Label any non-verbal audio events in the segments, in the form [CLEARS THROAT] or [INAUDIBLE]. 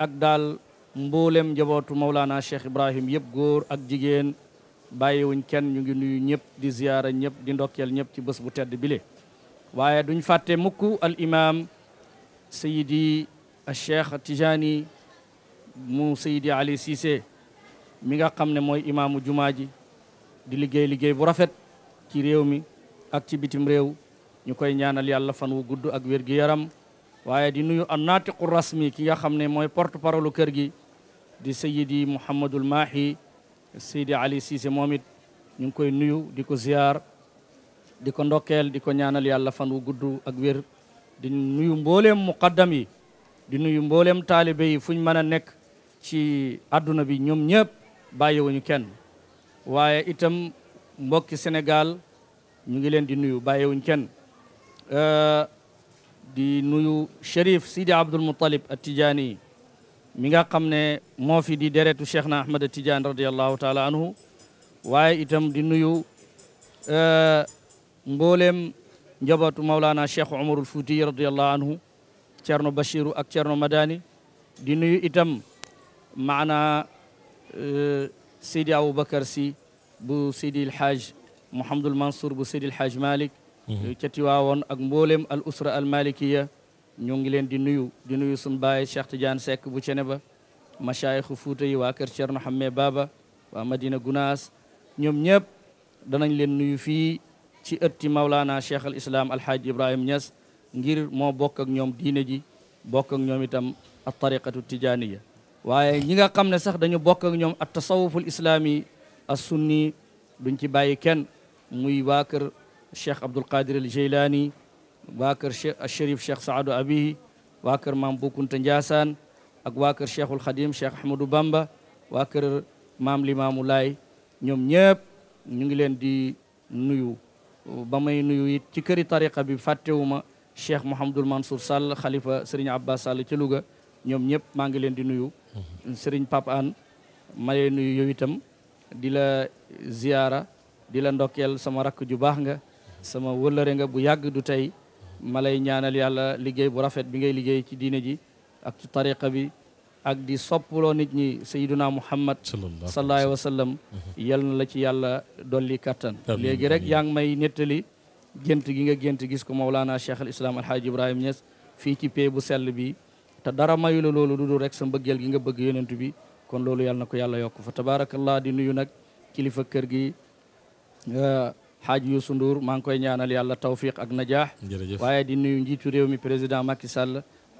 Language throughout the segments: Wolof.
ak daal mboolem njabootu Mawlana Cheikh Ibrahim yëpp góor ak jigéen bàyyiwuñ kenn ñu ngi nuyu ñëpp di ziyaara ñëpp di ndokkeel ñëpp ci bës bu tedd bile. waaye duñ fàtte mukk al imam Seydi Cheikh Tijani mu Seydi Ali Cissé mi nga xam ne mooy imaamu jumaa ji di liggéey liggéey bu rafet ci réew mi ak ci bitim réew ñu koy ñaanal yàlla fan wu gudd ak wér gi yaram. waaye di nuyu an naatiqu rasmi ki nga xam ne mooy porte parole kër gi di sayidi mouhamadul maahi sayidi ali siise moom it ñu ngi koy nuyu di ko ziyaar di ko ndokkeel di ko ñaanal yàlla fan wu gudd ak wér di nuyu mbooleem muqaddam yi di nuyu mbooleem taalibe yi fu ñu mën a nekk ci adduna bi ñoom ñëpp bàyyiwuñu kenn waaye itam mbokki Sénégal ñu ngi leen di nuyu bàyyiwuñ kenn euh, di nuyu Cherif Sidi Abdul Muttalib at mi nga xam ne moo fi di deretu Cheikh na Ahmed at Tijaani radiallahu taala anhu waaye itam di nuyu euh, mboolem njabootu Maulana Cheikh Omarul Fouti radiallahu anhu Cerno Bachiru ak Cerno Madani di nuyu itam maana euh, Sidi Aboubacar si bu Sidi El Hadj Mouhamadul bu Sidi El Hadj Mhm. ca Tiwaawoon ak mbooleem al usra al malikiya ñu ngi leen di nuyu di nuyu sun baay Cheikh Tidiane Seck bu cene ba machayixu Fuuta yi waa kër Cerno Hamme baaba waa Madina Gunaas ñoom ñëpp danañ leen nuyu fii ci ëtti Maulana Cheikh al Islam Alhaaj Ibrahim Niass ngir moo bokk ak ñoom diine ji ñoom itam at tariqatu tijaniya waaye ñi nga ne sax dañu bokk ak ñoom at tasawuful islaami as sunni duñ ci bàyyi kenn muy waa cheikh Abdul Qadir al Jeylaani waa kër cheikh Saadu Abihi waa kër maam Bukunta Njaasaan ak waa kër cheikhul Xadim cheikh Ahmadou Bamba waa kër maam Limaamu Laay ñoom ñëpp ñu ngi leen di nuyu ba may nuyu it ci këri tariqa bi fàttewuma cheikh Mouhamadul Mansour Sall xalifa Serigne Abbas Sall ci Louga ñoom ñëpp maa ngi leen di nuyu mhm. Serigne Pape Anne ma nuyu yow itam di la ziyaara di la ndokkeel sama rakk ju baax nga sama wëllëre nga bu yàgg du tey ma lay ñaanal yàlla liggéey bu rafet bi ngay liggéey ci diine ji ak ci tariqa bi ak di soppuloo nit ñi sayyiduna muhammad sallallahu alayhi wa sallam yal na la ci yàlla dolli kattan léegi rek yaa ngi may nettali gént gi nga gént gis ko Mawlana Cheikh al Islam Alhaaji Ibrahim Niass fii ci pee bu sell bi te dara mayu la loolu dul rek sa mbëggeel gi nga bëgg yonent bi kon loolu yàlla ko yàlla yokk fa tabaarakallah di nuyu nag kër gi euh, xaaj Youssou Ndour maa ngi koy ñaanal yàlla tawfiq ak najaax waaye di nuyu njiitu réew mi président Macky Sall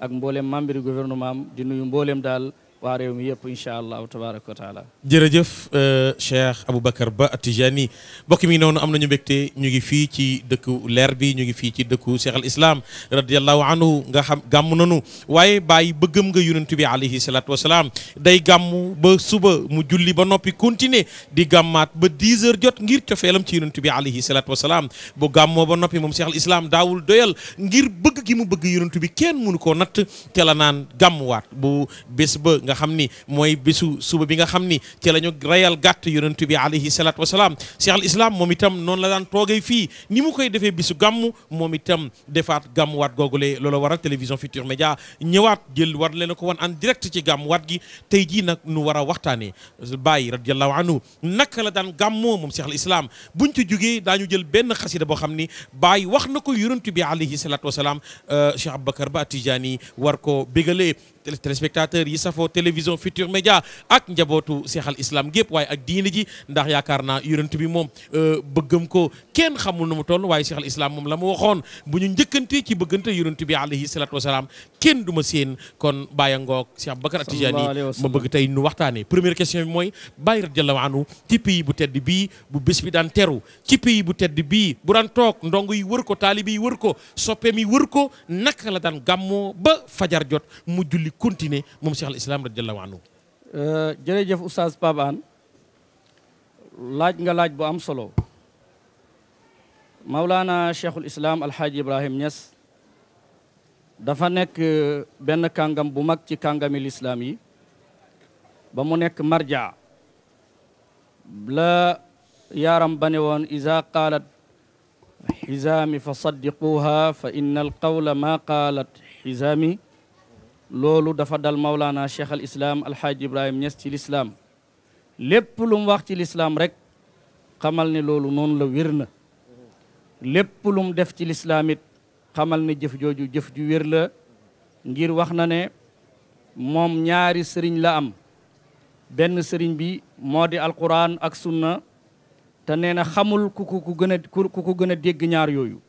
ak mboolem membre gouvernement am di nuyu mbooleem daal waa réew mi yëpp incha allahu tabaraka wa taala jërëjëf euh, Cheikh Aboubacar Ba Tijani mbokk mi noonu am nañu mbégte ñu ngi fii ci dëkku leer bi ñu ngi fii ci dëkku Cheikh al Islam radiallahu anhu nga xam gàmm nanu waaye bàyyi bëggam nga yunantu bi alayhi salatu wasalaam day gàmm ba suba mu julli ba noppi continuer di gàmmaat ba 10 heures jot ngir cofeelam ci yonent bi alayhi salatu wasalaam bu gàmmoo ba noppi moom Cheikh al daawul doyal ngir bëgg gi mu bëgg yonent bi kenn mënu koo natt te la naan gàmmuwaat bu bés ba nga xam ni mooy bésu suba bi nga xam ni ci la ñu reyal gàtt yonent bi alayhi salaatu wasalaam cheikh al islam moom itam noonu la daan toogee fii ni mu koy defee bisu gàmm moom itam defaat gàmmuwaat googule loola waral télévision Futurs Médias ñëwaat jël war leen ko wan en direct ci gàmmuwaat gi tey jii nag nu war a waxtaanee Baay radiallahu anhu naka la daan gàmmoo moom cheikh al islam buñ ci jugee daañu jël benn xasida boo xam ni Baay wax na ko yonent bi alayhi salaatu wasalaam euh, cheikh Aboubacar Ba Tijani war ko bégalee téléspectateurs yi safoo télévision Futur Média ak njabootu seexal islam gépp waaye ak diini ji ndax yaakaar naa yonent bi moom euh, bëggam ko kenn xamul nu mu toll waaye seexal islam moom la mu waxoon bu ñu njëkkante ci bëggante yonent bi alayhi salatu wasalaam kenn du ma séen kon Baye Ngoog Cheikh Bakar Atijani ma bëgg tey nu waxtaanee première question bi mooy Baye radiallahu anhu ci pays bu tedd bii bu bés bi daan teru ci pays bu tedd bii bu daan toog ndongo yi wër ko taalibe yi wër ko soppeem yi wër ko naka la daan gàmmoo ba fajar jot mu julli di continuer moom al Islam radiallahu euh, jërëjëf oustaz laaj nga laaj bu am solo Mawlana Cheikhul Islam Alhaaji Ibrahim Niass dafa nekk euh, benn kàngam bu mag ci kàngami lislaam ba mu nekk marja la yaaram ba ne woon isa qaalat xisaami fa saddiquuha fa inna alqawla ma qaalat xisaami loolu dafa dal mawlaana cheikh al islaam alxaaji ibrahim ñes ci lislaam lépp lu wax ci lislaam rek xamal ne loolu noonu la wér na lépp lu def ci lislaamit xamal ne jëf jooju jëf ju wér la ngir wax na ne moom ñaari sëriñ la am benn sëriñ bi moo di alxuraan ak sunna te nee na xamul ku ku ku gën a ku ku gën dégg ñaar yooyu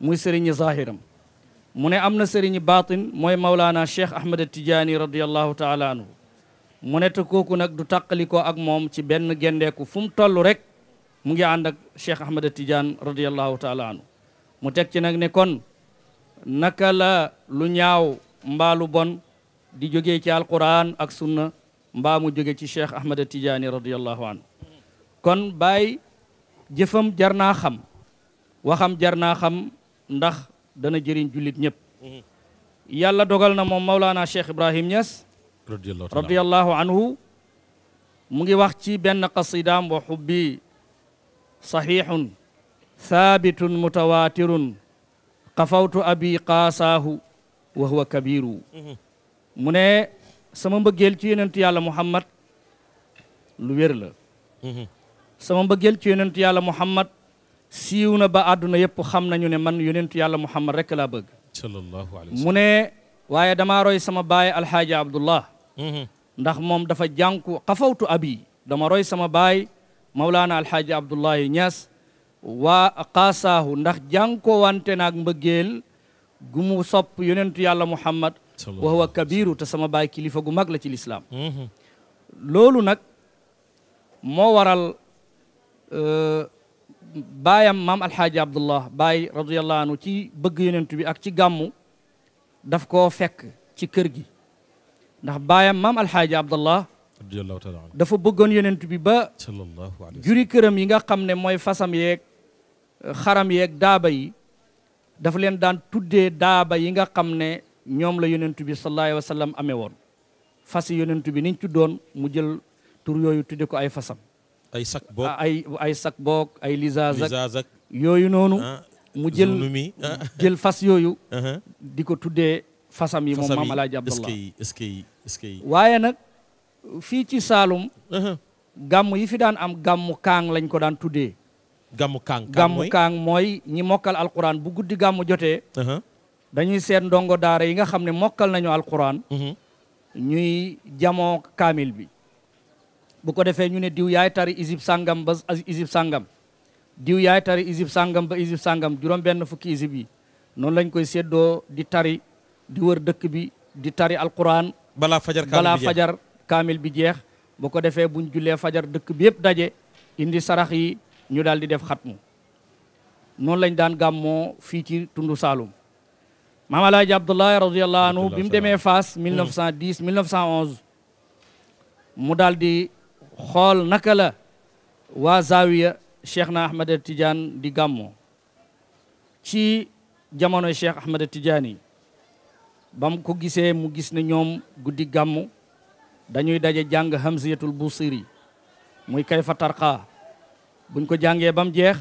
muy sëriñ zahiram mu ne am na sëriñi baatin mooy mawlaana cheikh ahmed tijaani radiallahu taala mu ne te kooku nag du tàqalikoo ak moom ci benn gendeeku fu mu toll rek mu ngi ànd ak cheikh ahmed tijaan radiallahu taala mu teg ci nag ne kon naka la lu ñaaw mbaa lu bon di jóge ci alquran ak sunna mbaa mu jóge ci cheikh ahmed tidiane radiallahu anhu kon bàyyi jëfam jar naa xam waxam jar xam ndax dana jëriñ jullit ñëpp mhm. yàlla dogal na moom Maulana Cheikh Ibrahim Niass radiallahu anhu mu ngi wax ci benn qasidaam wa xubbi saxiixun thaabitun mutawaatirun xafawtu abi qaasaahu wa huwa kabiru mhm. mu ne sama mbëggeel ci yonent yàlla muhammad lu wér la mhm. sama mbëggeel ci yonent yàlla muhammad siiw na ba àdduna yëpp xam nañu ne man yonentu yàlla muhammad rek laa bëgg mu ne waaye dama roy sama baay alxaaji abdullah mm-hmm. ndax moom dafa jànku xafawtu abi dama roy sama baay mawlaana alxaaji abdullahi ñas waa xaasaahu ndax jànkoo wante naag mbëggeel gu mu sopp yonentu yàlla muhammad wa huwa kabiru te sama baay kilifa gu mag la ci lislaam mm-hmm. loolu nag moo waral euh, baayam maam alxaaji abdullah baay radiallahu ci bëgg yonent bi ak ci gàmmu daf ko fekk ci kër gi ndax baayam maam alxaaji abdullah dafa bëggoon yonent bi ba juri këram yi nga xam ne mooy fasam yeeg xaram yeeg daaba yi dafa leen daan tuddee daaba yi nga xam ne ñoom la yonent bi sallallahu alayhi wa sallam amee woon fas yonent bi niñ tuddoon mu jël tur yooyu tudde ko ay fasam ay sak boog ah, ay ay sak boog ay lisaas ak yooyu noonu ah, mu jël ah. jël fas yooyu uh-huh. di ko tuddee fasam yi moom maam alaaji abdallah est-ce waaye nag fii ci saalum uh-huh. gàmm yi fi daan am gàmmu kaang lañ ko daan tuddee gàmmu kaang gàmmu kaang mooy ñi mokkal alquran bu guddi gàmmu jotee uh-huh. dañuy seet ndongo daara yi nga xam ne mokkal nañu alquran ñuy jamoo kaamil bi bu ko defee ñu ne diw yaay tari isib sangam ba isib sangam diw yaay tari isib sàngam ba isib sàngam juróom benn fukki isib yi noonu lañ koy séddoo di tari di wër dëkk bi di tari alquran balaa fajar balaa fajar kaamil bi jeex bu ko defee buñ jullee fajar dëkk bi yëpp daje indi sarax yi ñu daal di def mu noonu lañ daan gàmmoo fii ci tundu Saalum maam alaaji abdoulaye radiallahu anhu bi mu demee Faas mm. mu daal di xool naka la waa Zawiya Cheikh na Ahmed Tidiane di gàmmoo ci jamono Cheikh Ahmed Tidiane yi bam ko gisee mu gis ne ñoom guddi gàmmu dañuy daje jàng hamziyatul busiri muy kayfa tarqa buñ ko jàngee bam jeex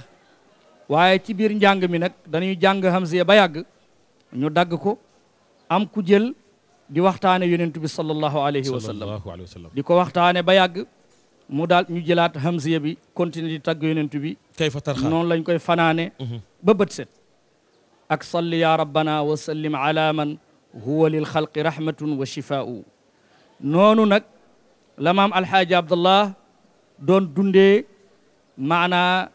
waaye ci biir njàng mi nag dañuy jàng hamziya ba yàgg ñu dagg ko am ku jël di waxtaane yonent bi sallallahu alayhi wa di ko waxtaane ba yàgg mu daal ñu jëlaat hamziya bi continuer di tagg yonent bi kayfa tarxa noonu lañ koy fanaane mhm. ba bët set ak salli ya rabbana wa sallim ala man huwa lil wa shifaa'u noonu nag la maam abdallah doon dundee maanaa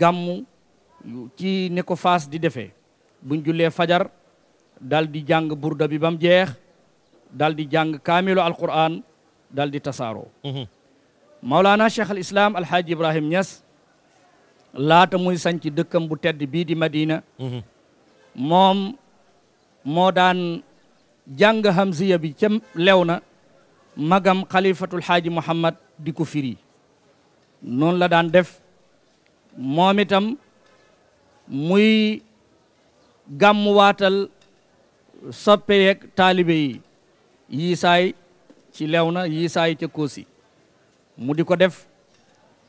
gàmmu ci ne ko faas di defee buñ jullee fajar dal di jàng burda bi ba mu jeex dal di jàng kaamilu alquran dal di tasaaroo mhm. Mawlana Cheikh al Islam Alhaaj Ibrahim Niass laata muy sanc dëkkam bu tedd bii di Madina mhm. moom moo daan jàng hamziya bi ca lew na magam xalifatul xaaji Muhammad di ko firi noonu la daan def moomitam muy gàmmuwaatal soppe yeeg taalibe yi saay ci lew na yii saay ca koosi mu di ko def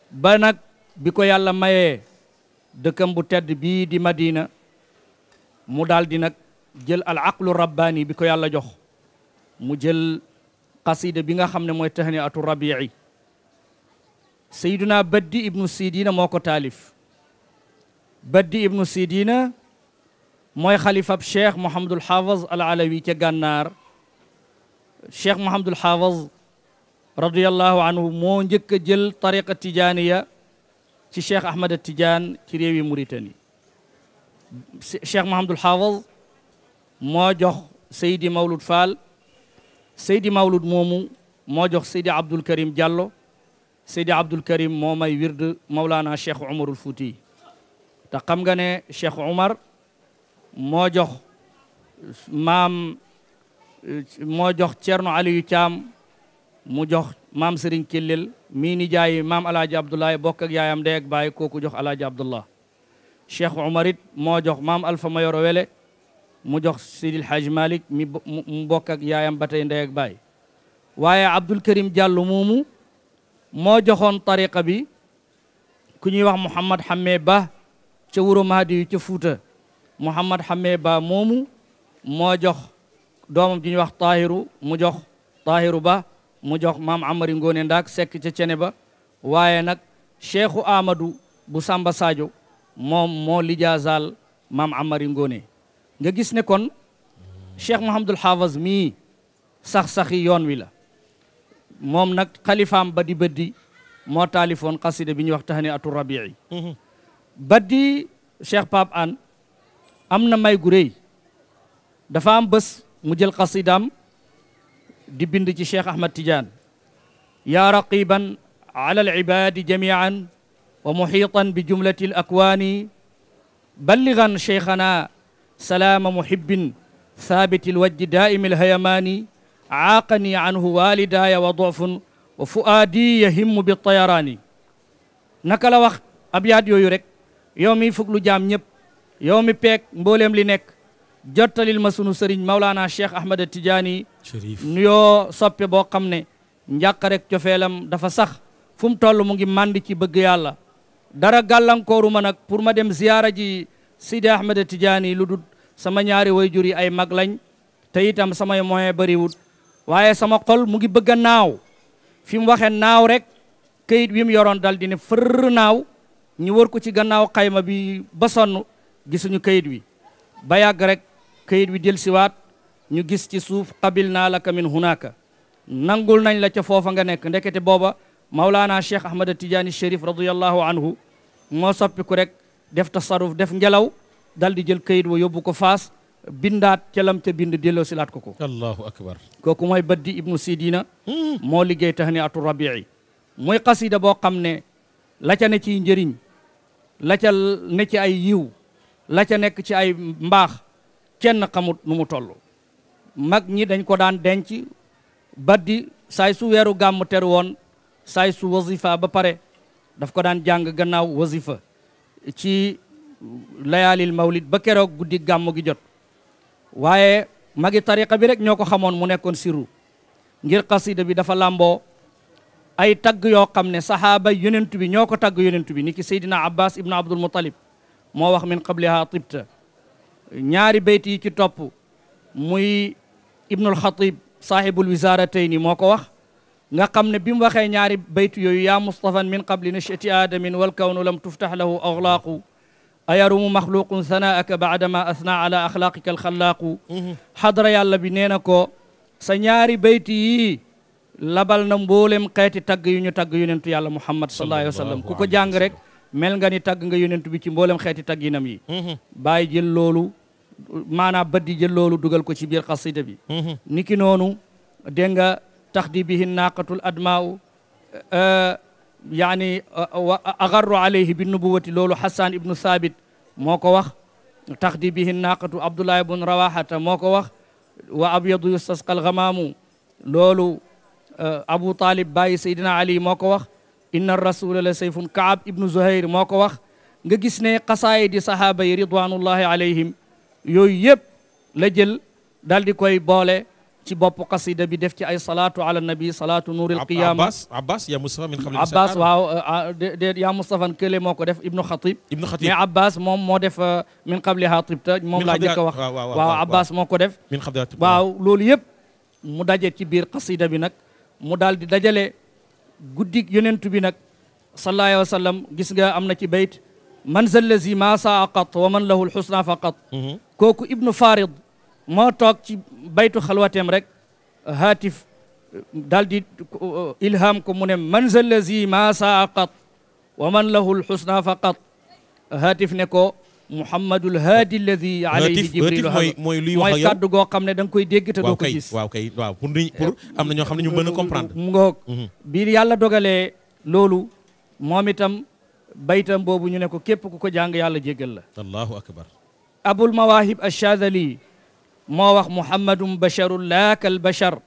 ba nag bi ko yàlla mayee dëkkam bu tedd bii di Madina mu daldi di nag jël al aqlu rabbaani bi ko yàlla jox mu jël qasida bi nga xam ne mooy tahni atu rabii sayduna baddi ibnu sidina moo ko taalif baddi ibnu sidina mooy xalifab cheikh mohamadul xaafaz al alawi ca gànnaar cheikh mohamadul xaafaz radiallahu anhu moo njëkk a jël tariqa tijaaniya ci cheikh ahmad tidiane ci réewi Mauritanie cheikh mahamadul haafaz moo jox seydi mawlud fall seydi mawlud moomu moo jox seydi abdul karim Diallo seydi abdul karim moo may wird mawlaana cheikh umarul fuuti te xam nga ne cheikh umar moo jox maam moo jox Cerno Aliyu Caam mu jox maam Serigne Kellel mii ni jaayi maam alaaji Abdoulaye bokk ak yaayam dee ak baay kooku jox alaaji Abdullah Cheikh Omar it moo jox maam Alfa Mayoro Wele mu jox Sidil Hadj Malick mi mu bokk ak yaayam ba tey ndey ak baay waaye Abdul Karim Diallo moomu moo joxoon tariqa bi ku ñuy wax Mouhamad Xamme Ba ca Wuro Mahdi ca Fuuta Mouhamad moomu moo jox doomam ji wax Tahiru mu jox Tahiru Ba mu jox maam amari ngoone ndaak sekk ca ba waaye nag cheikhu amadou bu samba sadio moom moo lijaasaal maam amari ngoone nga gis ne kon cheikh mahamadul hafaz mii sax-saxi yoon wi la moom nag xalifaam ba di bëddi moo taalifoon xasida bi ñuy wax tahani atu rabii mhm. baddi cheikh pape an am na may gu réy dafa am bés di bind ci cheikh ahmad tidiane yaa raqiban ala alibaadi jamian wa muxiitan bi jumlati alakwaani balligan cheikhana salaama muhibbin thaabiti alwajji daaimi alhayamaani aaqani anhu waalidaaya wa dofun wa fuaadi yahimmu bitayaraani naka la wax abyaat yooyu rek yow mi fuglu jaam ñëpp yow mi peek mbooleem li nekk jottalil ma sunu sëriñ Maulana Cheikh Ahmed Tidiane nuyoo soppe boo xam ne njàqa rek cofeelam dafa sax fu mu toll mu ngi màndi ci bëgg yàlla dara gàllankooru ma nag pour ma dem ziyaara ji Sidi Ahmed Tidiane lu dul sama ñaari wayjur yi ay mag lañ te itam samay moyen bariwul waaye sama xol mu ngi bëgg a naaw fi mu waxee naaw rek këyit wi mu yoroon dal di ne fër naaw ñu wër ko ci gannaaw xayma bi ba sonn gisuñu këyit wi ba yàgg këyit wi dellusiwaat ñu gis ci suuf qabil naa laka min hunaka nangul nañ la ca foofa nga nekk ndekete booba maulaana cheikh ahmad tijaani chérif radiallahu moo soppiku rek def tasaruf def ngelaw dal di jël këyit wa yóbbu ko faas bindaat ca lam ca bind delloosilaat ko ko mooy baddi ibnu sidina hmm. moo liggéey tahni atu rabii muy xasida boo xam ne la ne ciy njëriñ la ne ci ay yiw la ca nekk ci ay mbaax kenn xamut nu mu toll mag ñi dañ ko daan denc baddi saay su weeru gàmm teru woon saay su wazifa ba pare daf ko daan jàng gannaaw wazifa ci layaalil mawlid ba keroog guddi gàmm gi jot waaye magi tariqa bi rek ñoo ko xamoon mu nekkoon siru ngir xasida bi dafa làmboo ay tagg yoo xam ne sahaaba yonent bi ñoo ko tagg yonent bi ni ki seydina abbas ibnu abdul muttalib moo wax min qabliha tibta ñaari bayt yi ci topp muy ibnul xatib saahibul wizaratayni moo ko wax nga xam ne bi mu waxee ñaari bayt yooyu yaa mustafan min qabli nashati aadamin walkawnu lam tuftax lahu axlaaqu ayarumu maxluqun sanaaka ma asna ala axlaaqika alxalaaqu mhm. xadra yàlla bi nee na ko sa ñaari bayt yi labal na mboolem xeeti tagg yu ñu tagg yonentu yàlla muhammad sallallahu alayhi wa sallam ku ko jàng rek mel nga ni tagg nga yonentu bi ci mboolem xeeti tagginam yi mhm. bàyyi jël maanaam baddi jël loolu dugal ko ci biir xasida bi mm-hmm. niki noonu dégg nga tax di bihi naaqatul admaa'u euh, yaani euh, agarru alayhi bi nubuwati loolu Hassan ibnu Sabit moo ko wax tax di bihi naaqatu Abdullah ibn Rawahata moo ko wax wa abyadu yustasqal gamaamu loolu euh, Abu Talib bàyyi Seydina Ali moo ko wax inna rasula la sayfun Kaab ibnu Zuhair moo ko wax nga gis ne xasaayi di sahaaba yi ridwanullahi alayhim yooyu yëpp la jël daal di koy boole ci bopp qasida bi def ci ay salaatu ala nabi salaatu nuuril qiyaama abbas abbas yaa Mustafa min xam abbas waaw euh, ah, déet yaa Mustafa kële moo ko def ibnu xatib ibnu xatib mais abbas moom moo def euh, min qabliha tibta moom laa njëkk a wax waaw moo ko def min qabliha tibta loolu yëpp mu daje ci biir qasida bi nag mu daal di dajale guddik yonentu bi nag sallallahu alayhi wa gis nga am na ci bayt man za lazi ma saa qat wa man lahu lxusna faqat mm-hmm. kooku ibnu farid moo toog ci baytu xalwateem rek haatif daal di ilham ko mu ne man za ma saa qat wa man lahu lxusna faqat haatif ne ko muhammadul haadi alladi alayhi jibrilu mooy mooy luy wax ak yow mooy kàddu goo xam ne da nga koy dégg te doo ko gis a comprendre baytam boobu ñu ne ko képp ku ko jàng yàlla jéggal la allahu akbar abul mawahib achadali moo wax muhammadum basharun laa kal bashar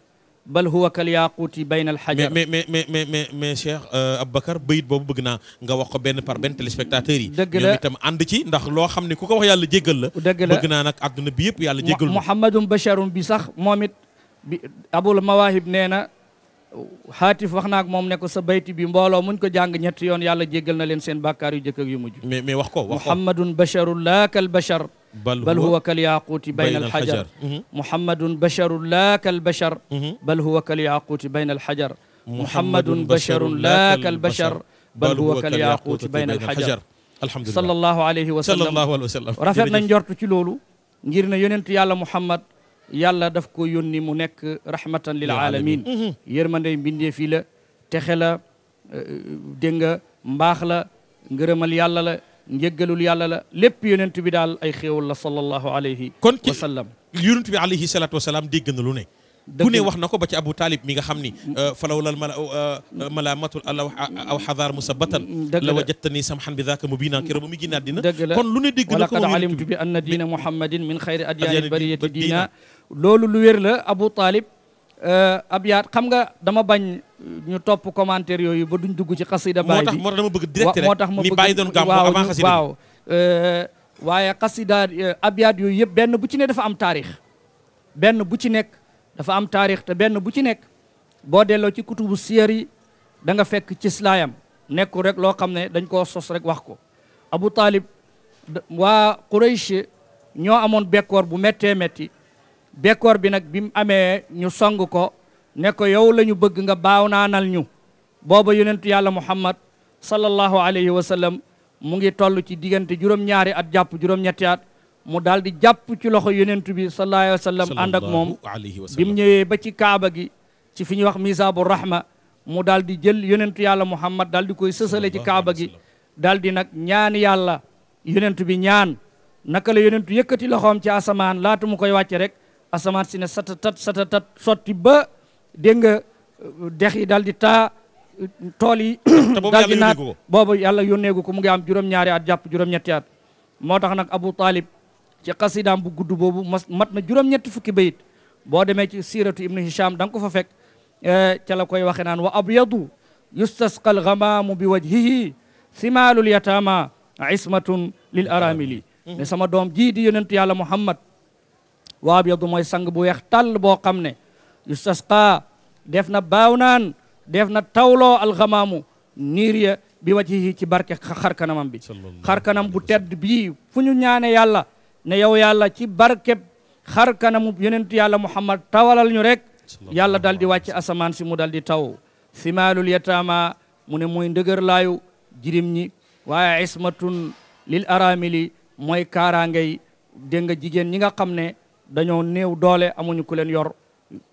bal huwa kal yaquuti bayna al hajar mais mais mais mais mais mais Cheikh euh, Aboubacar bayit boobu bëgg naa nga wax ko benn par benn téléspectateurs yi dëgg tam ñoom ànd ci ndax loo xam ne ku ko wax yàlla jéggal la dëgg bëgg naa nag àdduna bi yëpp yàlla jéggal muhammadum basharun bi sax moom bi abul mawahib xaatif wax naak moom ne ko sa bayti bi mbooloo muñ ko jàng ñetti yoon yàlla jéggal na leen seen bàkkaar yu jëkk ak yu mujj mais mais wax ko wax ko muhammadun basharun laa kal bashar bal huwa kal yaquuti bayna alxajar mhm. muhammadun basharun laa kal bashar mhm. bal huwa kal yaquuti bayna alxajar muhammadun basharun laa kal bashar bal huwa kal yaquuti bayna alxajar alhamdulillah sallallahu alayhi wa sallam rafet nañ njortu ci loolu ngir ne yonentu yàlla muhammad yàlla daf ko yónni mu nekk rahmatan lil alamin mm-hmm. yërmande mbindee fii la texe la euh, dégg nga mbaax la ngërëmal yàlla la njëggalul yàlla la lépp yonent bi daal ay xéewal la sallallahu alayhi wa sallam kon yonent bi alayhi salaatu wasalaam dégg na lu ne ku ne wax na ko ba ci Abu Talib mi nga xam ni mm-hmm. euh, falawlal mala euh, malaamatul allah aw xadaar musabatan mm-hmm. la wajadtani samhan bi daaka mubina kero ba mu génnaat dina kon lu ne dégg na ko walaqad alimtu bi anna diina muhammadin min xayri adyaani bariyati diina loolu lu wér la Abu Talib euh, ab xam nga dama bañ ñu topp commentaire yooyu ba duñ dugg ci xasida baay bi moo tax dama bëgg direct rek moo tax ma bëgg baay doon gàmm avant xasida waaw euh, waaye xasida euh, ab yooyu yëpp benn bu ci ne dafa am taarix benn bu ci nekk dafa am taarix te benn bu ci nekk boo delloo ci kutubu siyar yi da fekk ci slaayam nekkul rek loo xam ne dañ koo sos rek wax ko Abu Talib waa Quraysh ñoo amoon bekkoor bu méttee métti bekkoor bi nag bi mu amee ñu song ko ne yow la ñu bëgg nga baaw naanal ñu booba yonentu yàlla muhammad sallallahu alayhi wa sallam mu ngi toll ci diggante juróom-ñaari at jàpp juróom-ñetti mu daal di jàpp ci loxo yonentu bi sallallahu alayhi wa sallam ànd moom bi mu ñëwee ba ci kaaba gi ci fi ñuy wax misaabu rahma mu daal di jël yonentu yàlla muhammad daal di koy sësale ci kaaba gi daal di nag ñaan yàlla yonentu bi ñaan naka la yonentu yëkkati loxoom ci asamaan laata mu koy wàcce rek asamaan si ne satatat satatat sotti ba dégg nga dex yi daal di taa tool yi [COUGHS] daal di naat boobu yàlla yónneegu ko mu ngi am juróom-ñaari at jàpp juróom-ñetti at moo tax nag Abu Talib ci xasidaam bu gudd boobu mas mat na juróom-ñetti fukki bayit boo demee ci siiratu ibnu hisham da nga ko fa fekk eh, ca la koy waxe naan wa abyadu yustasqa algamaamu bi wajhihi simaalul yataama ismatun lil aramili mm-hmm. ne sama doom jii di yonentu yàlla muhammad wa abyadu mooy sang bu weex tàll boo xam ne yustasqa def na baaw naan def na tawloo alxamaamu niir ya bi wajihi ci barke xarkanamam bi xarkanam bu tedd bii fu ñu ñaane yàlla ne yow yàlla ci barke xarkanamu yonentu yàlla muhammad tawalal ñu rek yàlla dal di wàcc asamaan si mu dal di taw simaalul yataama mu ne mooy ndëgër laayu jirim ñi waaye ismatun lil aramili mooy kaaraangay dégg jigéen ñi nga xam ne dañoo néew doole amuñu ku leen yor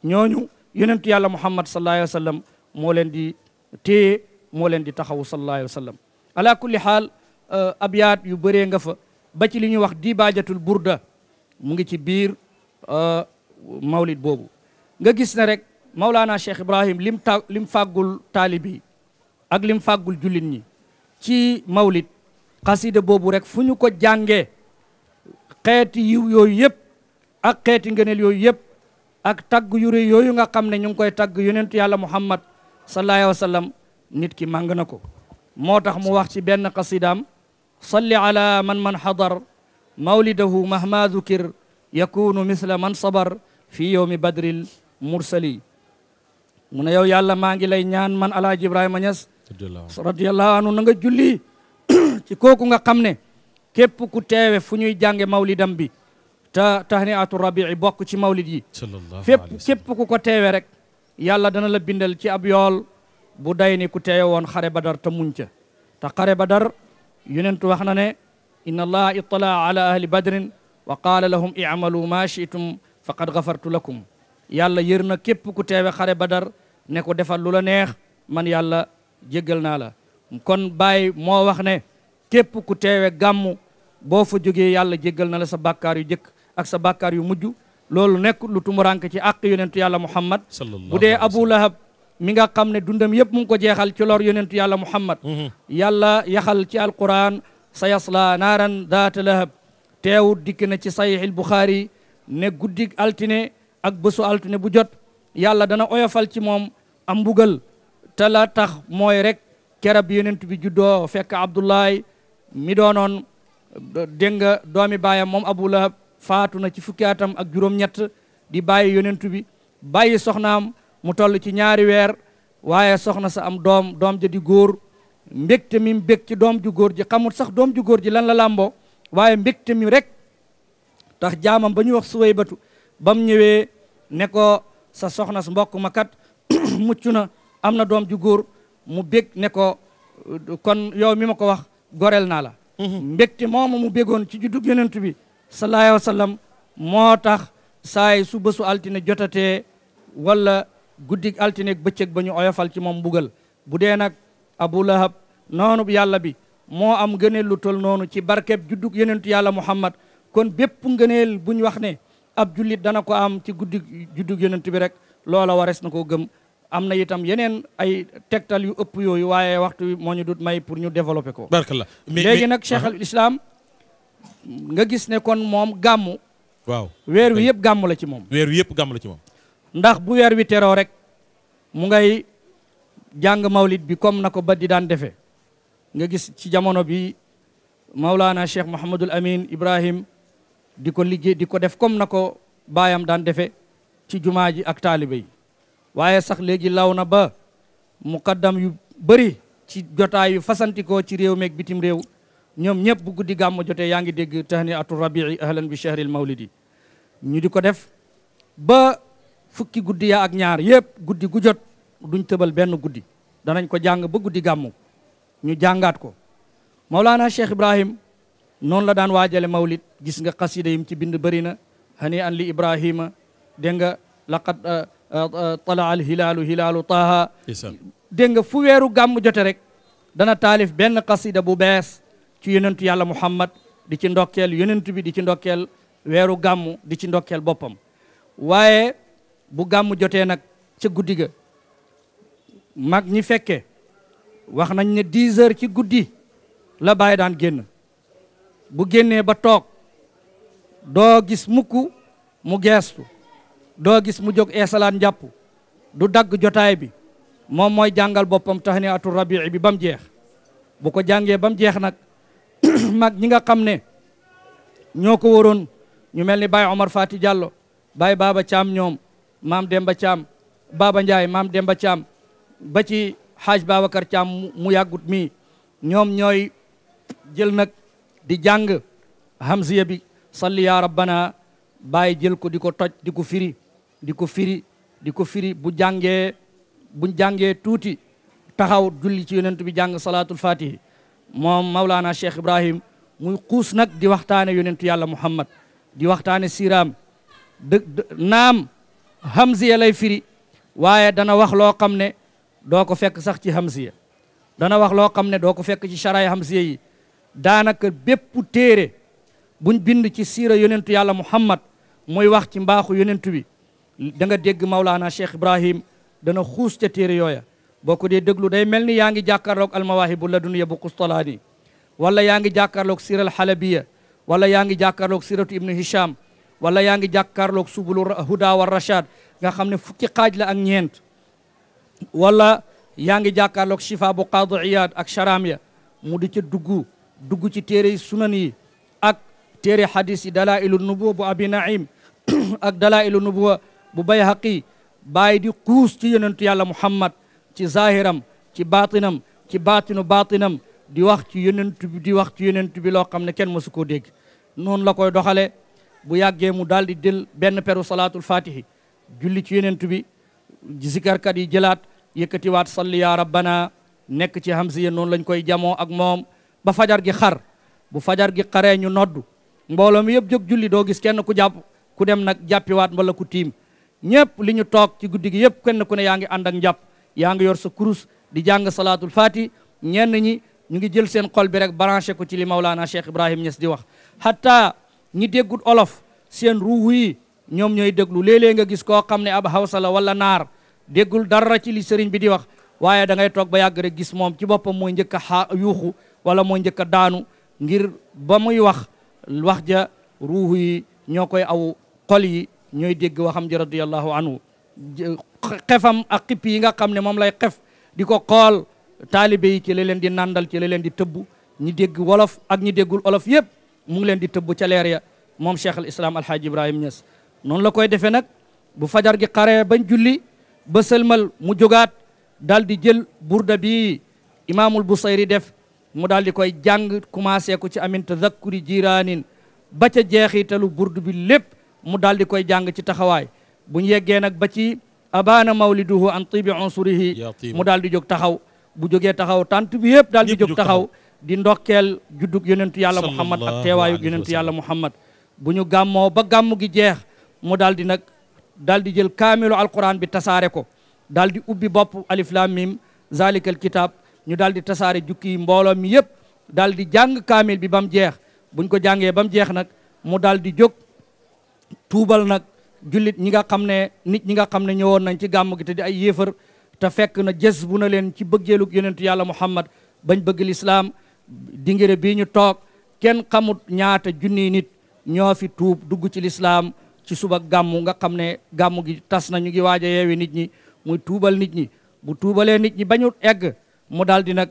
ñooñu yonentu yàlla muhammad sallallahu alayhi wa moo leen di téye moo leen di taxawu sallallahu alayhi wa sallam ala kulli xaal euh, abyaat yu bëree nga fa ba ci li ñuy wax dibaajatul burda mu ngi ci biir euh, mawlid boobu nga gis ne rek Mawlana Cheikh Ibrahim lim fàggul taalib yi ak lim fàggul jullit ñi ci mawlid xasida boobu rek fu ñu ko jàngee xeeti yiw yooyu yëpp ak xeeti ngëneel yooyu yëpp ak tagg yu rëy yooyu nga xam ne ñu ngi koy tagg yonentu yàlla muhammad sallallahu alayhi wa sallam nit ki màng na ko moo tax mu wax ci benn xasidaam salli ala man man xadar mawlidahu mahma dukir yakunu misla man sabar fi yowmi badril mursali mu ne yow yàlla maa ngi lay ñaan man alaaji ibrahima ñas radiallahu anhu na nga julli [COUGHS] ci kooku nga xam ne képp ku teewe fu ñuy jànge mawlidam bi te tahniatu rabii bokk ci mawlid yi fépp képp ku ko teewe rek yàlla dana la bindal ci ab yool bu day ku teewe woon xare badar ta muñ ca te xare badar yonent wax na ne inna allaha italaa ala ahli badrin wa qaala lahum imalu ma shitum faqad gafartu lakum yàlla yër na képp ku teewe xare badar ne ko defal lu neex man yàlla jéggal naa la kon Baye moo wax ne képp ku teewe gàmm boo fa jógee yàlla jéggal na la sa bàkkaar yu jëkk ak sa bàkkaar yu mujj loolu nekk lu tumurank ci àq yonentu yàlla muhammad bu dee abu lahab mi nga xam ne dundam yëpp mu ngi ko jeexal ci lor yonentu yàlla muhammad mm-hmm. yàlla yaxal ci alquran sa yasla naaran daata lahab teewut dikk na ci saxiixil buxaari ne guddig altine ak bésu altine bu jot dana oyofal ci moom am mbugal la tax mooy rek kerab bi yonent bi juddoo fekk abdoulaye mi doonoon dégg doomi baayam moom abu lahab faatu na ci fukki atam ak juróom-ñett di bàyyi yonentu bi bàyyi soxnaam mu toll ci ñaari weer waaye soxna sa am doom doom ja di góor mbégte mi mbég ci doom ju góor ji xamul sax doom ju góor ji lan la làmboo waaye mbégte mi rek tax jaamam ba ñu wax suway batu ba mu ñëwee ne ko sa soxna su mbokk ma kat [CLEARS THROAT] mucc na am na doom ju góor mu bég ne ko kon yow mi ma ko wax goreel naa la mm-hmm. mbégte moomu mu bégoon ci juddug yonent bi sallallahu alayhi moo tax saay su bésu altine jotatee wala guddi altine bëccëg ba ñu oyofal ci moom mbugal bu dee nag abu lahab noonu yàlla bi moo am ngëneel lu tol noonu ci barkeb juddug yenentu yàlla muhammad kon bépp ngëneel bu ñu wax ne ab jullit dana ko am ci guddi juddug yenentu bi rek loola wares na koo gëm am na itam yeneen ay tegtal yu ëpp yooyu waaye waxtu moo ñu dut may pour ñu développer ko léegi nag cheikh al uh-huh. nga gis ne kon moom gàmmu waaw weer wi yëpp gàmmu la ci moom weer yëpp gàmmu la ci moom ndax bu weer wi teroo rek mu ngay jàng mawlid bi comme na ko ba di daan defee nga gis ci jamono bi Maulana Cheikh Mouhamadul Amin Ibrahim di ko liggéey di ko def comme na ko baayam daan defe ci jumaa ji ak taalibe yi waaye sax léegi law na ba muqaddam yu bari ci jotaay yu fasantikoo ci réew meek bitim réew ñoom ñëpp bu guddi gàmmu jotee yaa ngi dégg tahni atu rabii ahlan bi shahril mawlidi ñu di ko def ba fukki guddi yaa ak ñaar yëpp guddi gu jot duñ tëbal benn guddi danañ ko jàng ba guddi gàmmu ñu jàngaat ko Mawlana Cheikh Ibrahim noonu la daan waajale mawlid gis nga xasida yim ci bind bëri na hani an li ibrahima dégg nga laqad uh, uh, talaa al hilaalu hilaalu taaha dégg nga fu weeru gàmmu jote rek dana taalif benn xasida bu bees ci yonentu yàlla muhammad di ci ndokkeel yonent bi di ci ndokkeel weeru gàmmu di ci ndokkeel boppam waaye bu gàmm jotee nag ca guddi ga mag ñi fekke wax nañ ne 10 heures ci guddi la bàyyi daan génn bu génnee ba toog doo gis mukk mu geestu doo gis mu jóg eesalaan njàpp du dagg jotaay bi moom mooy jàngal boppam tax ni atul rabii bi ba mu jeex bu ko jàngee ba mu jeex nag [CLEARS THROAT] mag ñi nga xam ne ñoo ko waroon ñu mel ni Baye Omar Fati jàlloo Baye Baba Thiam ñoom maam Demba Thiam Baba Ndiaye maam dem Demba Thiam ba ci Haaj Babacar Thiam mu yàggut mii ñoom ñooy jël nag di jàng hamziya bi salli ya rabbana Baye jël ko di ko toj di ko firi di ko firi di ko firi bu jàngee bu jàngee tuuti taxaw julli ci yonent bi jàng salaatul fatihi moom Maulana Cheikh Ibrahim muy xuus nag di waxtaane yonentu yàlla Muhammad di waxtaane siiraam dë xam hamziya lay firi waaye dana wax loo xam ne doo ko fekk sax ci xam hamziya dana wax loo xam ne doo ko fekk ci charay hamziya yi daanaka bépp téere buñ bind ci siira yonentu yàlla Muhammad mooy wax ci mbaaxu yonentu bi da nga dégg Maulana Cheikh Ibrahim dana xuus ca téere yooya boo ko dee déglu day mel ni yaa ngi jàkkaarloog almawaahibu laduniya bu Qustalaani wala yaa ngi jàkkaarloog sira alxalabiya wala yaa ngi jàkkaarloog siratu ibnu Hisham wala yaa ngi jàkkaarloog subulu huda wa nga xam ne fukki xaaj la ak ñeent walla yaa ngi jàkkaarloog shifa bu qaadi iyaad ak charam ya mu di ca dugg dugg ci téere sunan yi ak téere xadis yi dalailu nubuwa bu abi naim [COUGHS] ak dalailu nubuwa bu bayhaqi bàyyi di xuus ci yonentu yàlla muhammad ci zaahiram ci baatinam ci baatinu baatinam di wax ci yonent bi di wax ci yonent bi loo xam ne kenn mësu koo dégg noonu la koy doxale bu yàggee mu daal di jël benn peru salaatul fatihi julli ci yonent bi zikarkat yi jëlaat yëkkatiwaat salli ya rabbana nekk ci hamziya noonu lañ koy jamoo ak moom ba fajar gi xar bu fajar gi xaree ñu noddu mbooloo mi yëpp jóg julli doo gis kenn ku jàpp ku dem nag jàppiwaat wala ku tiim ñëpp li ñu toog ci guddi gi yëpp kenn ku ne yaa ngi ànd ak njàpp yaa ngi yor sa kurus di jàng salaatul faati ñenn ñi ñu ngi jël seen xol bi rek branché ko ci li Maulana Cheikh Ibrahim Niass di wax hatta ñi déggul olof seen ruuhu yi ñoom ñooy déglu léeg-léeg nga gis koo xam ne ab hawsa la wala naar déggul dara ci li sëriñ bi di wax waaye da ngay toog ba yàgg rek gis moom ci boppam mooy njëkk a xaa yuuxu wala mooy njëkk a daanu ngir ba muy wax wax ja ruuhu yi ñoo koy aw xol yi ñooy dégg waxam ji radiyallahu anhu xefam ak xipp yi nga xam ne moom lay xef di ko xool taalibe yi ci la leen di nandal ci la leen di tëbbu ñi dégg wolof ak ñi déggul olof yëpp mu ngi leen di tëbbu ca leer ya moom cheikh al islam alhaaji ibrahim Niass noonu la koy defee nag bu fajar gi xaree bañ julli ba sëlmal mu jogaat daal di jël burda bi imaamul busayri def mu daal di koy jàng commencé ko ci amin tazakkuri jiraanin ba ca jeexitalu burdu bi lépp mu daldi koy jàng ci taxawaay bu ñu nag abaana mawliduhu an tibi unsurihi mu daal di jóg taxaw bu jógee taxaw tant bi yëpp daal di jóg taxaw di ndokkeel juddug yonentu yàlla muhammad ak teewaayug yonentu yàlla muhammad bu ñu gàmmoo ba gàmm gi jeex mu daal di nag daal di jël kaamilu alquran bi tasaare ko daal di ubbi bopp alif lam mim zalikal kitab ñu daal di tasaare jukki mbooloo mi yëpp daal di jàng kaamil bi ba mu jeex buñ ko jàngee ba mu jeex nag mu daal di jóg tuubal nag jullit ñi nga xam ne nit ñi nga xam ne ñëwoon nañ ci gàmm gi te di ay yéefar te fekk na jës bu na leen ci bëggeelug yonentu yàlla muhammad bañ bëgg lislaam dingire bii ñu toog kenn xamut ñaata junniy nit ñoo fi tuub dugg ci lislaam ci suba gàmm nga xam ne gàmm gi tas na ñu ngi waaj yeewi nit ñi muy tuubal nit ñi bu tuubalee nit ñi ba ñu egg mu daal di nag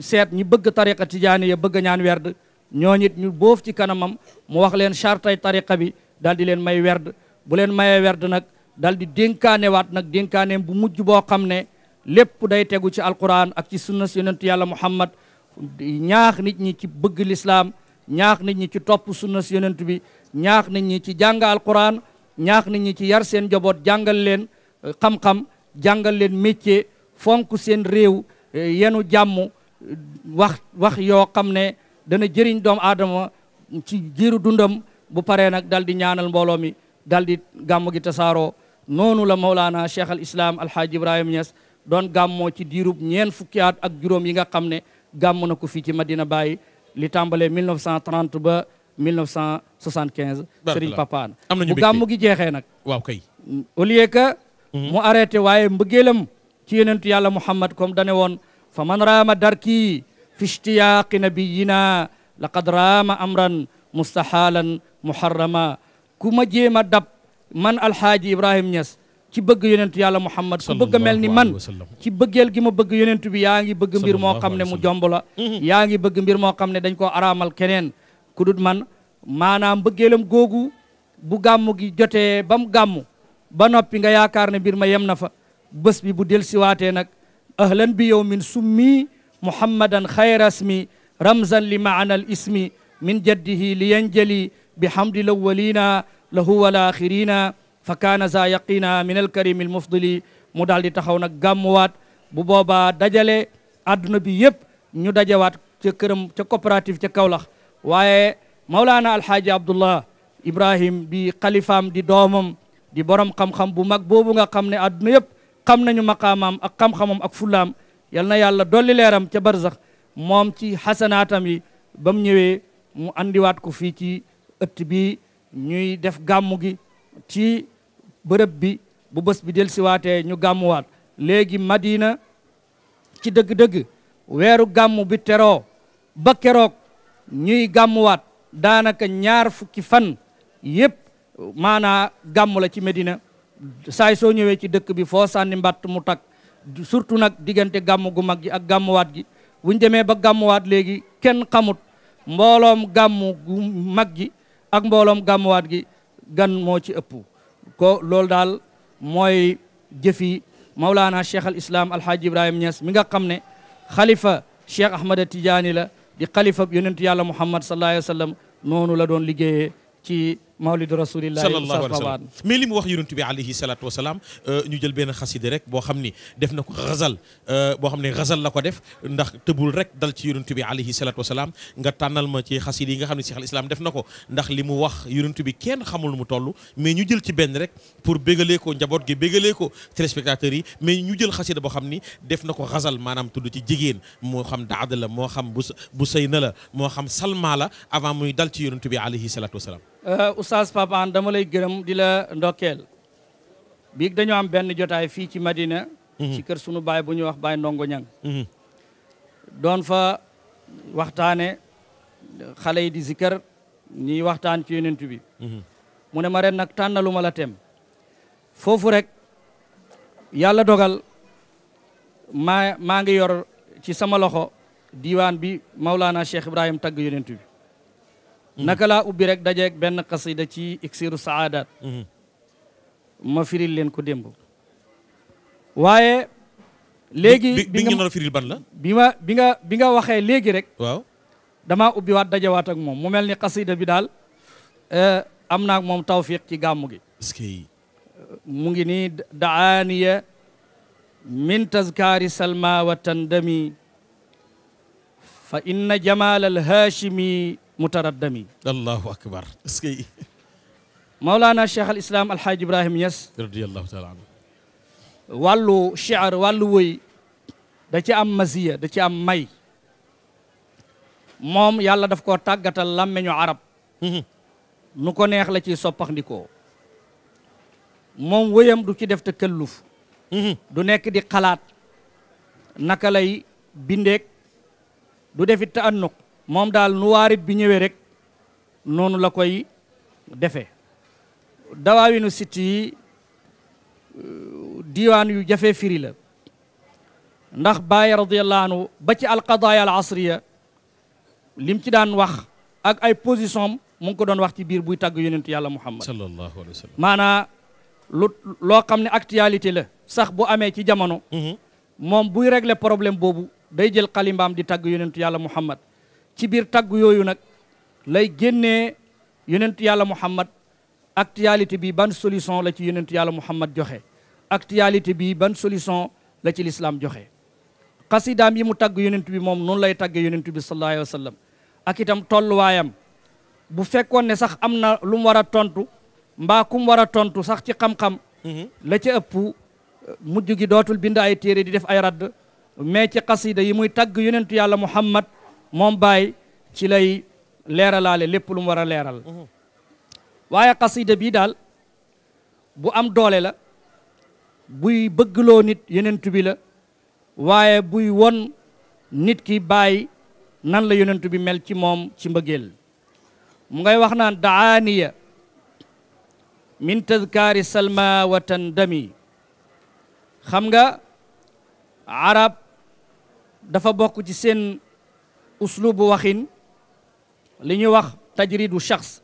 seet ñi bëgg tariqa tijaani ya bëgg ñaan werd ñoo ñit ñu boof ci kanamam mu wax leen chartay tariqa bi daal di leen may werd bu leen mayee werd nag dal di dénkaanewaat nag dénkaaneem bu mujj boo xam ne lépp day tegu ci alquran ak ci sunna si yonentu yàlla muhammad ñaax nit ñi ci bëgg lislaam ñaax nit ñi ci topp sunna si yonent bi ñaax nit ñi ci jàng alquran ñaax nit ñi ci yar seen njaboot jàngal leen eh, xam-xam jàngal leen métier fonk seen réew eh, yenu jàmm wax wax yoo xam ne dana jëriñ doomu aadama ci jiiru dundam bu pare nag dal di ñaanal mbooloo mi dal di gàmm gi tasaaroo noonu la Mawlaana Cheikh al Islam Alhaaji Ibrahima Niass doon gàmmoo ci diirub ñeen fukki ak juróom yi nga xam ne gàmm na ko fii ci Madina Baye li tàmbalee 1930 ba 1975. Serigne Papaan bu gàmm gi jeexee nag. waaw kay au lieu que. Mm-hmm. mu arrêté waaye mbëggeelam ci yenentu yàlla Muhammad comme dane woon fa man raama darki fi ishtiyaaqi nabiyina laqad raama amran mustahalan muharrama ku ma jéem a dab man alxaaji Ibrahim Niass ci bëgg yonentu yàlla Muhammad ku bëgg a mel ni man ci bëggeel gi ma bëgg yonentu bi yaa ngi bëgg mbir moo xam ne mu jomb mhm. yaa ngi bëgg mbir moo xam ne dañ ko araamal keneen ku dut man maanaam bëggeelam googu bu gàmm gi jotee ba mu gàmm ba noppi nga yaakaar ne mbir ma yem na fa bés bi bu del siwaate nag ahlan bi yow min summi muhammadan xayrasmi ramzan li maana al ismi min jaddihi li yanjali la بحمد الأولين له والآخرين فكان ذا يقينا من الكريم المفضل mu daal di taxaw nag gàmmuwaat bu boobaa dajale àdduna bi yëpp ñu dajawaat ca këram ca coopérative ca Kaolack waaye Maulana Alhaaji Abdullah Ibrahim bi xalifaam di doomam di borom xam-xam bu mag boobu nga xam ne àdduna yëpp xam nañu maqaamaam ak xam-xamam ak fullaam yal na yàlla dolli leeram ca barzax moom ci xasanaatam yi ba mu ñëwee mu andiwaat ko ëtt bi ñuy def gàmmu gi ci bërëb bi bu bës bi del ñu gàmmuwaat léegi Madina ci dëgg-dëgg weeru gàmmu bi teroo ba keroog ñuy gàmmuwaat daanaka ñaar fukki fan yépp maanaa gàmmu la ci Medina saay soo ñëwee ci dëkk bi foo sànni mbatt mu takk surtout nag diggante gàmm gu mag gi ak gàmmuwaat gi buñ demee ba gàmmuwaat léegi kenn xamut mbooloom gàmm gu mag gi ak mbooloom gàmmuwaat gi gan moo ci ëpp ko loolu daal mooy jëfi Mawlana Cheikh al Islam Alhaji Ibrahima Niass mi nga xam ne xalifa Cheikh Ahmada Tidiane la di xalifa yonentu yàlla Muhammad sallallahu alayhi noonu la doon liggéeyee ci mawlidu rasulillah sallallahu alayhi wa sallam mais li mu wax yonent bi alayhi salaatu wa salaam euh, ñu jël benn xaside rek boo xam ni def na ko xazal euh, boo xam ne xazal la ko def ndax tëbul rek dal ci yonent bi alayhi salaatu wa salaam nga tànnal ma ci xaside yi nga xam ne Cheikh al Islam def na ko ndax li mu wax yonent bi kenn xamul mu toll mais ñu jël ci benn rek pour bégalee ko njaboot gi bégalee ko téléspectateurs yi mais ñu jël xaside boo xam ni def na ko xazal maanaam tudd ci jigéen moo xam daada la moo xam bu bu sayna la moo xam salma la avant muy dal ci yonent bi alayhi salaatu wa salaam Euh, oustaz Pape dama lay gërëm di la ndokkeel biig dañoo am benn jotaay fii ci Madina mhm. ci kër sunu baay bu ñuy wax baay ndongo ñang mhm. doon fa waxtaane xale yi di zikkër ñiy waxtaan ci yonent bi mhm. mu ne ma ren nag tànnaluma la tem foofu rek yàlla dogal maa maa ngi yor ci sama loxo diiwaan bi Maulana Cheikh Ibrahim tagg yonent bi Mm-hmm. naka laa ubbi rek dajeeg benn xasida ci iksiru saadat mm-hmm. ma firil leen ko démb waaye léegi bi nga la bi ma bi nga waxee léegi rek waaw damaa ubbi waat dajewaat ak moom mu mel ni xasida bi daal eh, am naag moom tawfiq ci gàmmu gi mu ngi nii daaniya min tazkaari salma wa tandami fa inna jamal al mutaraddami allahu akbar est-ce que maolana cheikh al islam alhaaj ibrahim Niass radiyallahu taala anhu wàllu shiar wàllu woy da ci am masiya da ci am may moom yàlla def koo tàggatal làmmeñu arab mhm. nu ko neex la ci soppax ndikoo moom wëyam du ci def te këlluf mhm. du nekk di xalaat naka lay bindeeg du defit te annuk moom daal nu waarit bi ñëwee rek noonu la koy defee dawaawinu sitt yi euh, diiwaan yu jafe firi la ndax Baay radiyallahu anhu ba ci alqadaaya al asriya lim ci daan wax ak ay position mu ngi ko doon wax ci biir buy tàgg yonentu yàlla muhammad sallallahu alayhi wa sallam maanaa loo xam ne actualité la sax bu amee ci jamono mm-hmm. moom buy régler problème boobu day jël xalimbaam di tàgg yonentu yàlla muhammad ci biir tagg yooyu nag lay génne yonent yàlla muhammad actualité bi ban solution la ci yonent yàlla muhammad joxe actualité bi ban solution la ci lislaam joxe xasidaam yi mu tagg yonent bi moom noonu lay tagge yonent bi sallallahu alayhi wa ak itam tolluwaayam bu fekkoon ne sax am na lu mu war a tontu mbaa ku mu war a tontu sax ci xam-xam mhm. la ca ëpp mujj dootul bind ay téere di def ay radd mais ci xasida tagg yonentu yàlla muhammad moom Baye ci lay leeralaale lépp lu war a leeral mhm. waaye xasida bii daal bu am doole la buy bëggloo nit yenentu bi la waaye buy won nit ki Baye nan la yenentu bi mel ci moom ci mbëggeel mu ngay wax naan daaniya min tadkaari salma wa tandami xam nga arab dafa bokk ci seen uslubu waxin li wax tajridu shaxs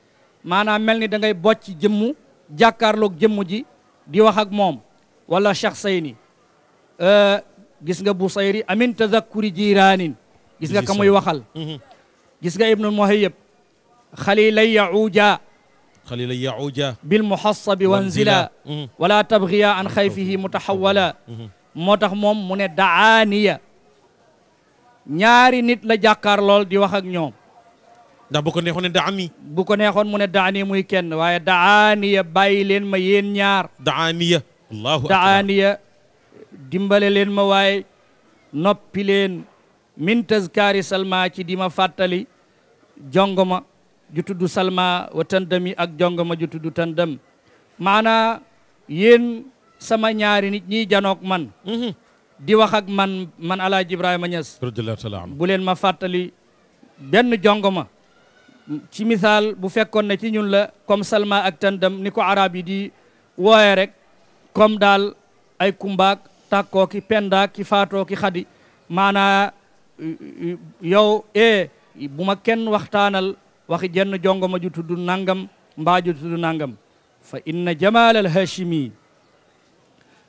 maanaam mel ni dangay ngay bocc jëmmu jàkkaarloog jëmm ji di wax moom wala shaxsayni gis nga bu sayri amin tazakkuri jiraanin gis nga ka waxal mhm. gis nga muhayyab xalilay yauja xalilay wanzila mhm. wala tabgiya an xayfihi mutahawala mhm. moo tax moom mu ne daaniya ñaari nit la jàkkaar di wax ak ñoom ndax bu ko neexoon ne daani bu ko neexoon mu ne daani muy kenn waaye daaniya bàyyi leen ma yéen ñaar daaniya allahu daaniya dimbale leen ma waaye noppi leen min tazkaari salma ci di ma fàttali jongoma ju tudd salma wa tandami ak jongoma ju tudd tandam maanaa yéen sama ñaari nit ñiy janook man mhm. di wax ak man man alaaji Ibrahima Niass bu leen ma fàttali benn jongoma ci misaal bu fekkoon ne ci ñun la comme Salma ak Tandam ni ko arab yi di wooye rek comme daal ay kumbaak tàkkoo ki ki faatoo ki xadi maanaa yow e bu ma kenn waxtaanal waxi jenn jongoma ju nangam mbaa ju tudd nangam fa inna jamal al hashimi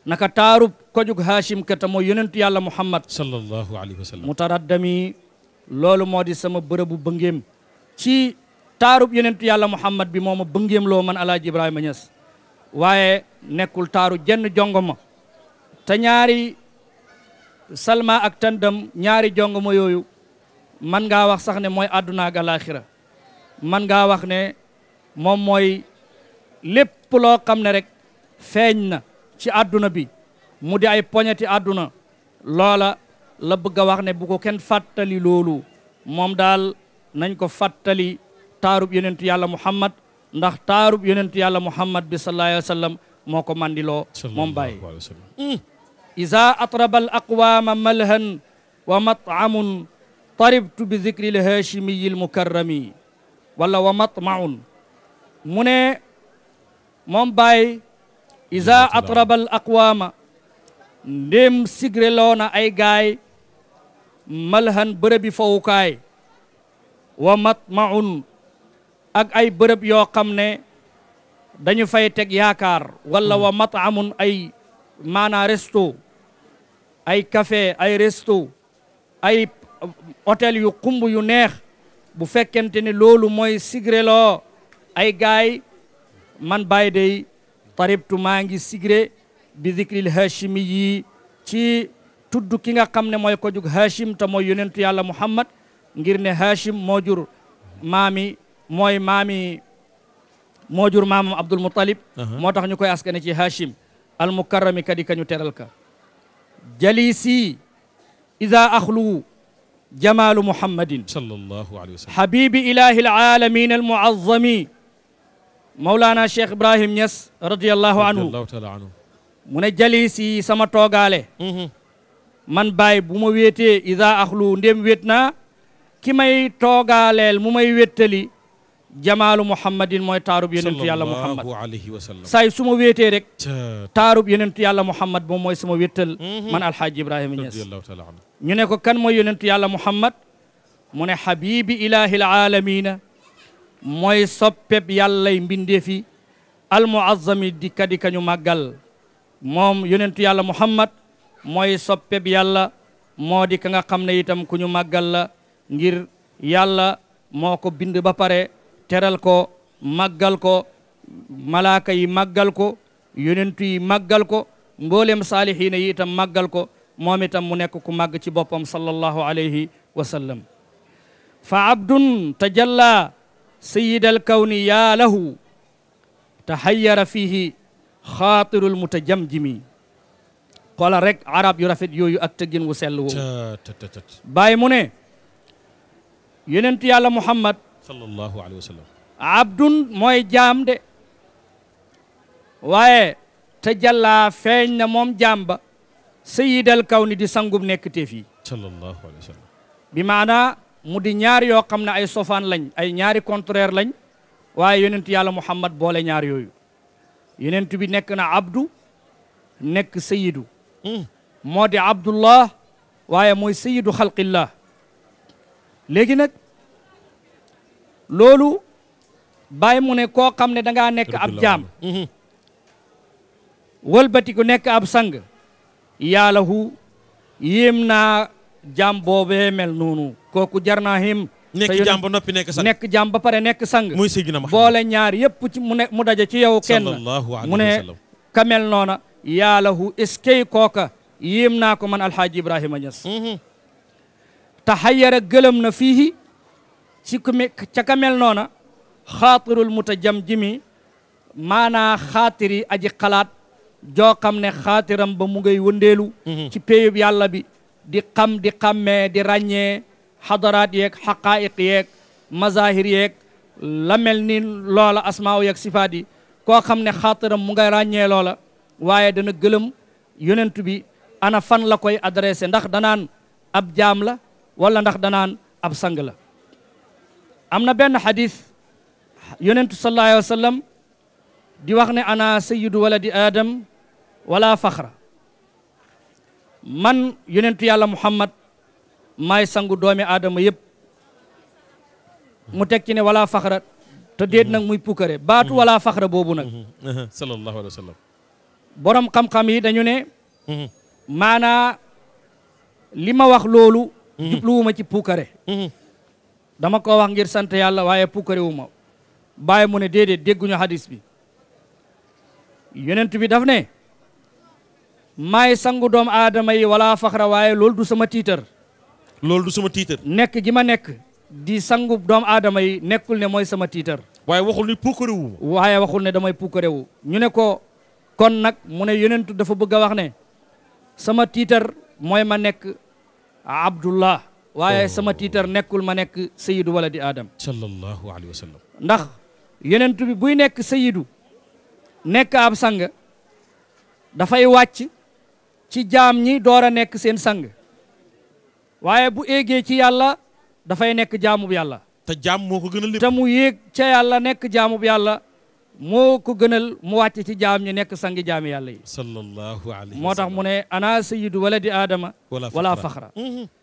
naka taarub kojug Hachim ka te mooy yonentu yàlla Muhammad sallallahu alayhi wa sallam mu taraddami loolu moo di sama bërëbu bëngeem ci taarub yonentu yàlla Muhammad bi moo ma bëngéem loo man alaaji Ibrahima Niass waaye nekkul taaru jenn jongoma te ñaari salma ak tandam ñaari jongoma yooyu man ngaa wax sax ne mooy àdduna ak alaaxira man ngaa wax ne moom mooy lépp loo xam ne rek feeñ na ci àdduna bi mu di ay poñeti àdduna loola la bëgg a wax ne bu ko kenn fàttali loolu moom daal nañ ko fàttali taarub yonentu yàlla muhammad ndax taarub yonentu yàlla muhammad bi sallallahu alayhi moo ko mandiloo moom bàyyi hmm. isa atraba al aqwaama malhan wa mat'amun taribtu bi zikri l haashimiyi l mukarrami wala wa matmaun mu ne moom bàyyi isa atraba al aqwaama ndéem sigre na ay gaay malhan bërëbi fowukaay wa matmaun ak ay bërëb yoo xam ne dañu fay teg yaakaar walla wa mataamun ay maanaa resto ay café ay resto ay hôtel yu xumb yu neex bu fekkente ni loolu mooy sigreloo ay gaay man baay day taribtu maa ngi sigre bi dikril hachimi yi ci tudd ki nga xam ne mooy ko jug hachim te mooy yonentu yàlla muhammad ngir ne hachim moo jur maami mooy maami moo jur maamam abdul muttalib uh-huh. moo tax ñu koy askane ci hachim al mukarrami kadi kañu teral ka jalisi ida axluwu jamaalu muhammadin sallallahu alayhi wa sallam habibi ilahi alaalamin almuazzami mawlana cheikh ibrahim ñas radiallahu anhu mu ne jalis yi sama toogaale mhm. man baay bu ma wéetee isa axlu ndéem wéet naa ki may toogaaleel mu may wéttali jamaalu muhammadin mooy taarub yenentu yàlla muhammad saay su ma wéetee rek taarub yenentu yàlla muhammad moom mooy sama wéttal mhm. man alhaaji ibrahima Niass ñu ne ko kan mooy yenentu yàlla muhammad mu ne habibi ilahi alamina soppeb yàllay mbindeefi almuazzami di kadi kañu màggal moom yonentu yàlla muhammad mooy soppeb yàlla moo di ka nga xam ne itam ku ñu màggal la ngir yàlla moo ko bind ba pare teral ko màggal ko malaaka yi màggal ko yonentu yi màggal ko mboolem saalihiina yi itam màggal ko moom itam mu nekk ku màgg ci boppam sallallahu alayhi wa sallam fa abdun tajalla sayidal kawni yaa lahu tahayyara fiihi xaatirul jimi xoola rek arab yu rafet yooyu ak tëggin wu sell woowu bàyyi mu ne yonent yàlla muhammad sallallahu alayhi wa sallam abdun mooy jaam de waaye te jàllaa feeñ na moom jaam ba sayidal kaw di sangum nekk téef yi bi maanaa mu di ñaari yoo xam ne ay sofaan lañ ay ñaari contraire lañ waaye yonent yàlla muhammad boole ñaar yooyu yonent bi nekk na abdu nekk sayidu hmm. moo di abdullah waaye mooy sayidu xalqillah léegi nag loolu bàyyi mu ne koo xam ne danga nekk ab jaam hmm. wëlbati ku nekk ab sang yaalahu yéem naa jaam boobee mel noonu kooku jar him nekk jaam ba noppi nekk sang nekk jaam ba pare nekk sang muy Seydina Muhammad boole ñaar yëpp ci mu mu daje ci yow kenn mu ne kamel noona yaalahu eskey kooka yéem naa ko man alhaaji Ibrahima Niass mhm. taxayyara gëlëm na fiihi ci ca kamel noona xaatirul mutajamjimi maanaa xaatiri aji xalaat joo xam ne xaatiram ba mu ngay wëndeelu mhm. ci péyub yàlla bi di xam di xàmmee di ràññee xadaraat yeeg xaqaayiq yeeg mazahir yeeg la mel ni loola asmaaw yeeg sifaat yi koo xam ne xaataram mu nga ràññee loola waaye dana gëlëm yonent bi ana fan la koy adressé ndax danaan ab jaam la wala ndax danaan ab sang la am na benn xadis yonentu sallallahu alayhi di wax ne ana sayyidu waladi aadam wala faxra man yonentu yàlla muhammad maay sangu doomi aadama yëpp mu teg ci ne wala faxra te déet nag muy puukare baatu wala faxra boobu nag sallallahu alayhi wa sallam borom xam-xam yi dañu ne mhm. maanaa li ma wax loolu mhm. jubluwuma ci pukkare mhm. dama ko wax ngir sant yàlla waaye pukkare wu ma bàyyi mu ne déedéet dégguñu hadis bi yonent bi daf ne maay sangu doom aadama yi walaa faxra waaye loolu du sama tiitar loolu du sama tiitar. nekk gi ma nekk. di sangu doomu aadama yi nekkul ne mooy sama tiitar. waaye waxul ni puukare waaye waxul ne damay puukare wu. ñu ne ko kon nag mu ne yenentu dafa bëgg a wax ne sama tiitar mooy ma nekk Abdullah. waaye oh. sama tiitar nekkul ma nekk Seyidu wala di Adam. sallallahu alayhi wa ndax yonentu bi buy nekk Seyidu. nekk ab sang dafay wàcc ci jaam ñi door a nekk seen sang waaye bu éegee ci yàlla dafay nekk jaamub yàlla. te jaam moo ko gënal lépp mu yéeg ca yàlla nekk jaamub yàlla moo ko gënal mu wàcc ci jaam ñi nekk sangi jaami yàlla yi. sallallahu moo tax mu ne ana sayyidu waladi aadama. wala faxra wala faxra.